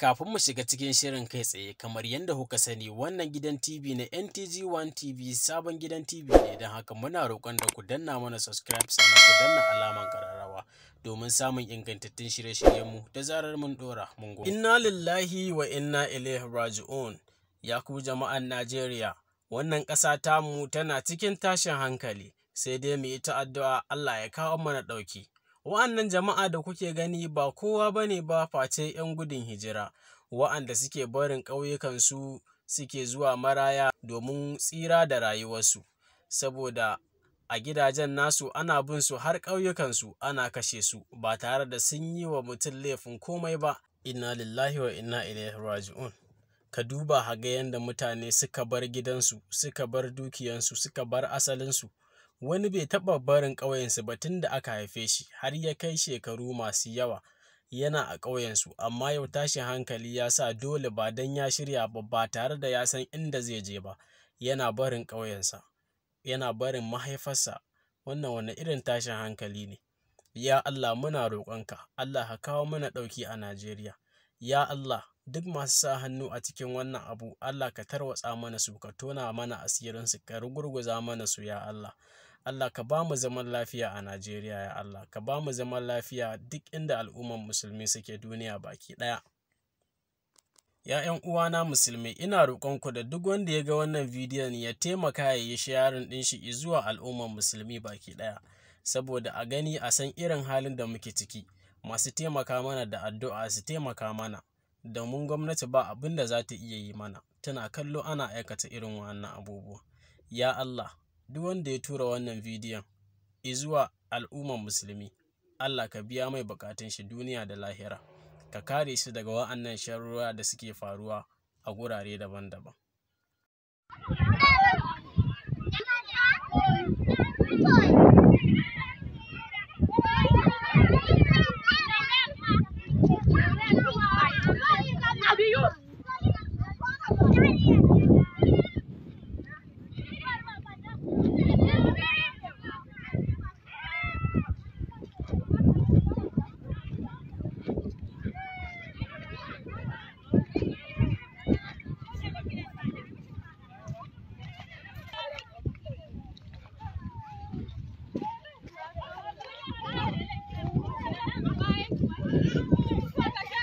Kafin mu shiga cikin shirin kai tsaye kamar yadda kuka sani wannan gidan TV na NTG1 TV sabon gidan TV ne don haka muna roƙon da ku danna mana subscribe sannan ku danna alaman kararrawa domin samun ingantattun shirye-shiryenmu da zarar mun ɗora mun gode. Inna lillahi wa inna ilaihi raji'un ya ku jama'an Najeriya wannan ƙasa tamu tana cikin tashin hankali sai dai mu yi ta addu'a Allah ya kawo mana ɗauki. Wa'annan jama'a da kuke gani ba kowa ba ne ba face ‘yan gudun hijira, wa'anda suke barin ƙauyukansu suke zuwa maraya domin tsira da rayuwarsu, saboda a gidajen nasu ana bin su har ƙauyukansu ana kashe su ba tare da sun yi wa mutum laifin komai ba. Ina lillahi wa inna ilaihi raji'un. Ka duba haga yadda mutane suka bar gidansu, suka bar dukiyansu, suka bar asalinsu. wani bai taɓa barin ƙauyensu ba tun da aka haife shi har ya kai shekaru masu yawa yana a ƙauyensu amma yau tashin hankali ya sa dole ba don ya shirya ba ba tare da ya san inda zai je ba yana barin ƙauyensa yana barin mahaifarsa wannan wani irin tashin hankali ne ya Allah muna roƙonka Allah ka kawo mana ɗauki a Najeriya ya Allah duk masu sa hannu a cikin wannan abu Allah ka tarwatsa mana su ka tona mana asirinsu ka rugurguza mana su ya Allah Allah ka ba mu zaman lafiya a Najeriya ya Allah ka ba mu zaman lafiya duk inda al'umman musulmi suke duniya baki ɗaya. ‘Ya'yan uwana musulmi ina roƙonku da duk wanda ya ga wannan bidiyon ya taimaka ya yi shayarin ɗin shi zuwa al'umman musulmi baki ɗaya saboda a gani a san irin halin da muke ciki masu taimaka mana da addu'a su taimaka mana da mun gwamnati ba abin da za ta iya yi mana tana kallo ana aikata irin wannan abubuwa ya Allah duk wanda ya tura wannan bidiyon izuwa al'umman musulmi Allah ka biya mai bukatun shi duniya da lahira ka kare shi daga wa'annan sharruwa da suke faruwa a gurare daban-daban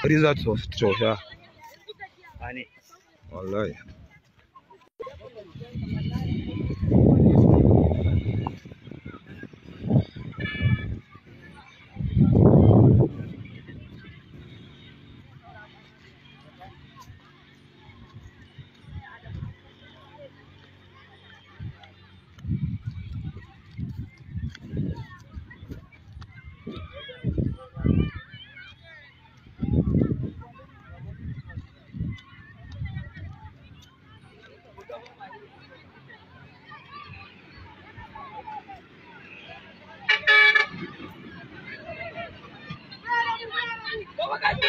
results of Troja. Wallahi. 我感觉。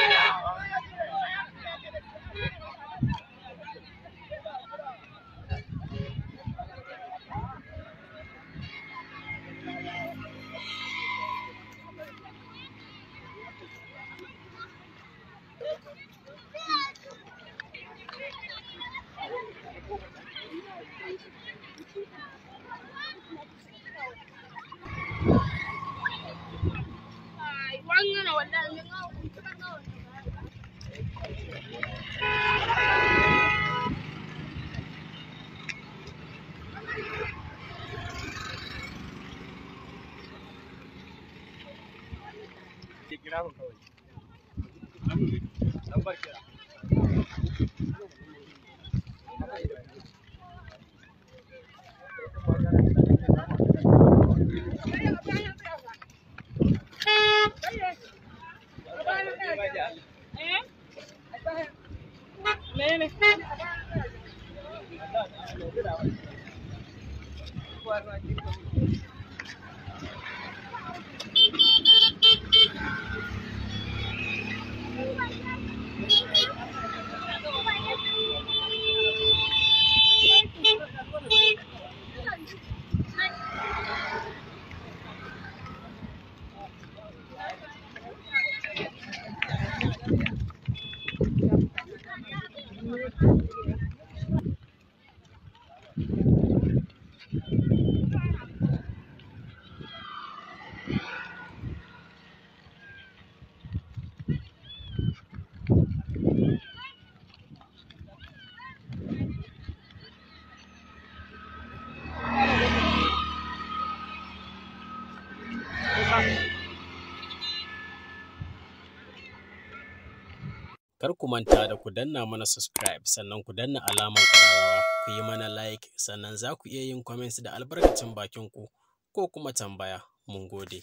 Take it out, Number Thank eh? you. kar ku manta da ku danna mana subscribe sannan ku danna alamar ƙararrawa ku yi mana like sannan za ku iya yin comments da albarkacin bakin ku ko kuma tambaya mun gode